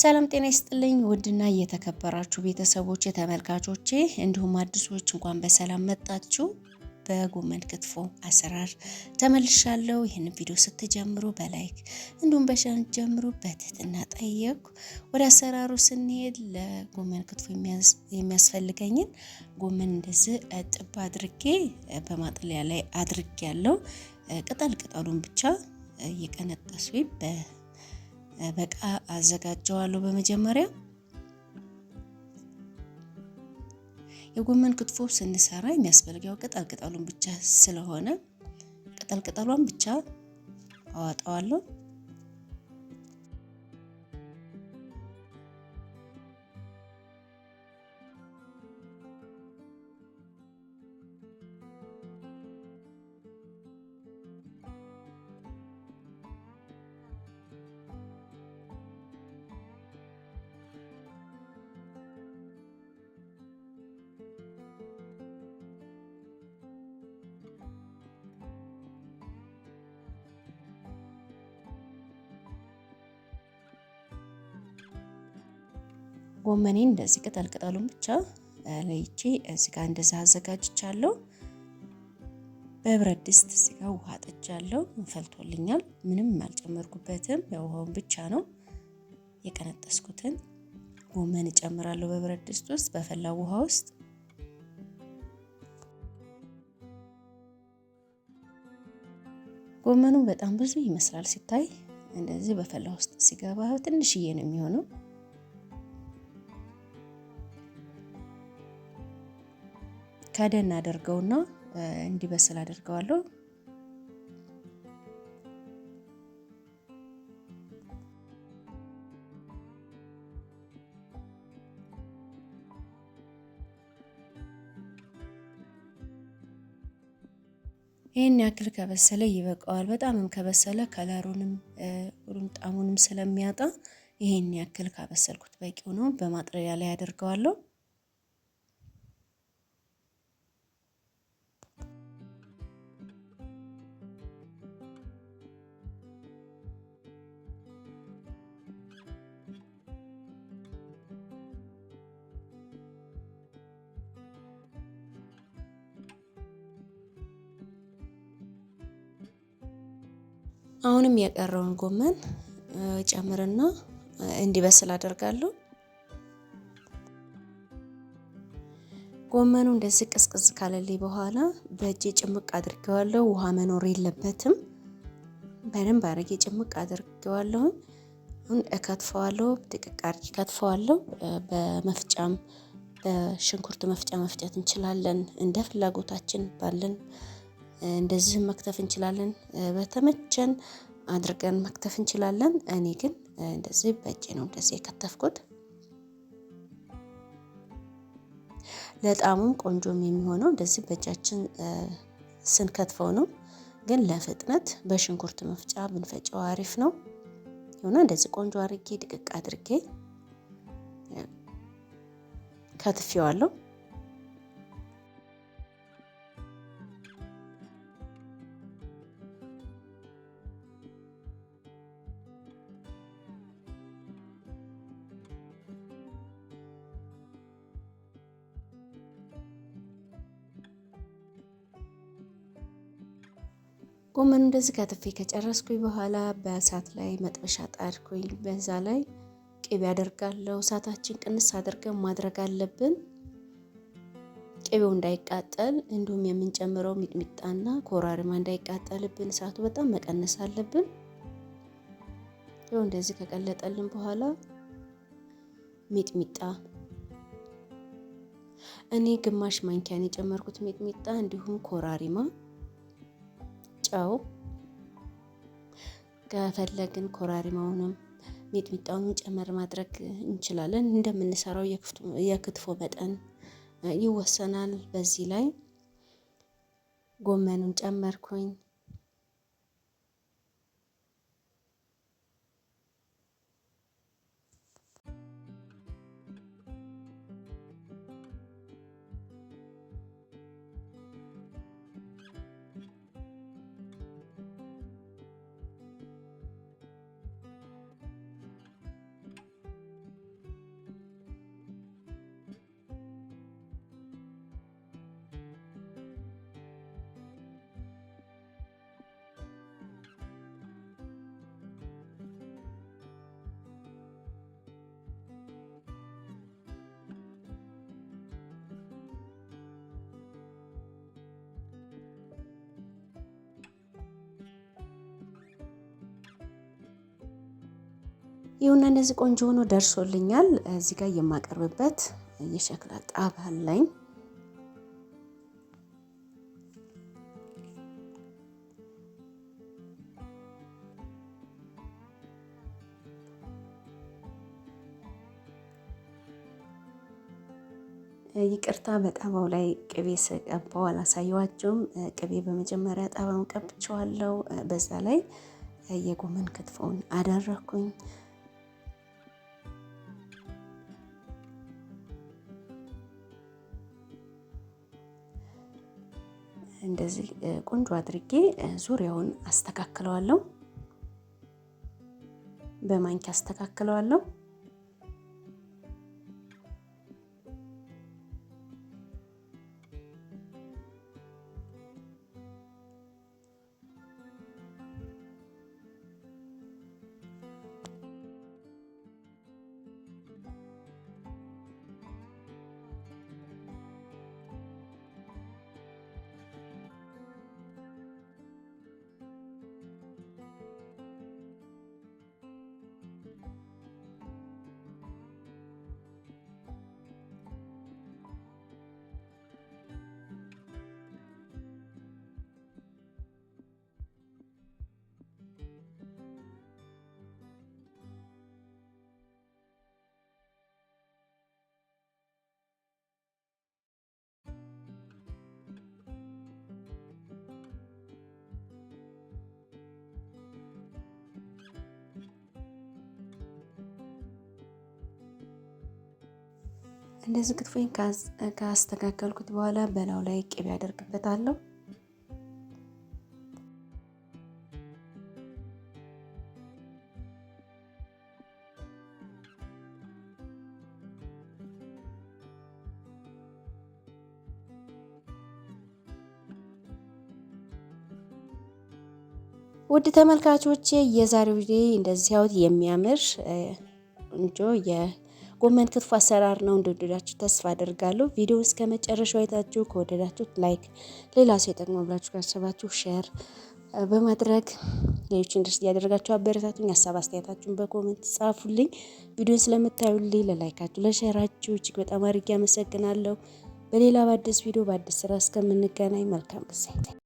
ሰላም ጤና ይስጥልኝ ውድና እየተከበራችሁ ቤተሰቦች ተመልካቾቼ፣ እንዲሁም አዲሶች እንኳን በሰላም መጣችሁ። በጎመን ክትፎ አሰራር ተመልሻለሁ። ይህን ቪዲዮ ስትጀምሩ በላይክ እንዲሁም በሸን ጀምሩ በትህትና ጠየኩ። ወደ አሰራሩ ስንሄድ ለጎመን ክትፎ የሚያስፈልገኝን ጎመን እንደዚህ እጥብ አድርጌ በማጥለያ ላይ አድርጌ ያለው ቅጠል ቅጠሉን ብቻ እየቀነጠሱ በ በቃ አዘጋጀዋለሁ። በመጀመሪያ የጎመን ክትፎ ስንሰራ የሚያስፈልገው ቅጠል ቅጠሉን ብቻ ስለሆነ ቅጠል ቅጠሏን ብቻ አዋጣዋለሁ። ጎመኔ እንደዚህ ቅጠል ቅጠሉን ብቻ ለይቼ እዚህ ጋር እንደዛ አዘጋጅቻለሁ። በብረት ድስት እዚህ ጋር ውሃ ጠጃለሁ። እንፈልቶልኛል። ምንም አልጨመርኩበትም። የውሃውን ብቻ ነው የቀነጠስኩትን ጎመን እጨምራለሁ። በብረት ድስት ውስጥ በፈላ ውሃ ውስጥ ጎመኑ በጣም ብዙ ይመስላል ሲታይ። እንደዚህ በፈላ ውስጥ ሲገባ ትንሽዬ ነው የሚሆነው። ከደን አደርገውና እንዲበስል አደርገዋለሁ። ይህን ያክል ከበሰለ ይበቃዋል። በጣምም ከበሰለ ከለሩንም ጣሙንም ስለሚያጣ ይህን ያክል ካበሰልኩት በቂው ነው። በማጥረቢያ ላይ አደርገዋለሁ። አሁንም የቀረውን ጎመን ጨምርና እንዲበስል አደርጋለሁ። ጎመኑ እንደዚህ ቅዝቅዝ ካለልኝ በኋላ በእጄ ጭምቅ አድርጌዋለሁ። ውሃ መኖር የለበትም። በደንብ አድርጌ ጭምቅ አድርጌዋለሁ። አሁን እከትፈዋለሁ፣ ድቅቅ አድርጌ እከትፈዋለሁ። በመፍጫም በሽንኩርት መፍጫ መፍጨት እንችላለን፣ እንደ ፍላጎታችን ባለን እንደዚህ መክተፍ እንችላለን። በተመቸን አድርገን መክተፍ እንችላለን። እኔ ግን እንደዚህ በእጄ ነው እንደዚህ የከተፍኩት። ለጣሙም ቆንጆም የሚሆነው እንደዚህ በእጃችን ስንከትፈው ነው። ግን ለፍጥነት በሽንኩርት መፍጫ ብንፈጨው አሪፍ ነው። ሆነ እንደዚህ ቆንጆ አድርጌ ድቅቅ አድርጌ ከትፌዋለሁ። ጎመኑ እንደዚህ ከትፌ ከጨረስኩኝ በኋላ በእሳት ላይ መጥበሻ ጣድኩኝ። በዛ ላይ ቅቤ አደርጋለሁ። እሳታችን ቅንስ አድርገን ማድረግ አለብን፣ ቅቤው እንዳይቃጠል። እንዲሁም የምንጨምረው ሚጥሚጣና ኮራሪማ እንዳይቃጠልብን እሳቱ በጣም መቀነስ አለብን። ይኸው እንደዚህ ከቀለጠልን በኋላ ሚጥሚጣ እኔ ግማሽ ማንኪያን የጨመርኩት ሚጥሚጣ እንዲሁም ኮራሪማ ጨው ከፈለግን ኮራሪማውንም ሚጥሚጣውን ጨመር ማድረግ እንችላለን። እንደምንሰራው የክትፎ መጠን ይወሰናል። በዚህ ላይ ጎመኑን ጨመርኩኝ። ይሁና እንደዚህ ቆንጆ ሆኖ ደርሶልኛል። እዚህ ጋር የማቀርብበት የሸክላ ጣባ አለኝ። ይቅርታ በጣባው ላይ ቅቤ ስቀባው አላሳየዋቸውም። ቅቤ በመጀመሪያ ጣባውን ቀብቼዋለሁ። በዛ ላይ የጎመን ክትፎውን አደረኩኝ። እንደዚህ ቆንጆ አድርጌ ዙሪያውን አስተካክለዋለሁ። በማንኪያ አስተካክለዋለሁ። እንደዚህ ክትፎን ካስተካከልኩት በኋላ በላው ላይ ቅቤ አደርግበታለሁ ውድ ተመልካቾቼ የዛሬው ቪዲዮ እንደዚህ ያውት የሚያምር እንጆ ጎመን ክትፎ አሰራር ነው። እንደወደዳችሁ ተስፋ አደርጋለሁ። ቪዲዮ እስከ መጨረሻው አይታችሁ ከወደዳችሁት ላይክ፣ ሌላ ሰው ይጠቅማል ብላችሁ ካሰባችሁ ሼር በማድረግ ሌሎችን ድረስ እያደረጋችሁ አበረታቱኝ። ሀሳብ አስተያየታችሁን በኮመንት ጻፉልኝ። ቪዲዮን ስለምታዩልኝ ለላይካችሁ፣ ለሸራችሁ እጅግ በጣም አድርጌ አመሰግናለሁ። በሌላ በአዲስ ቪዲዮ በአዲስ ስራ እስከምንገናኝ መልካም ጊዜ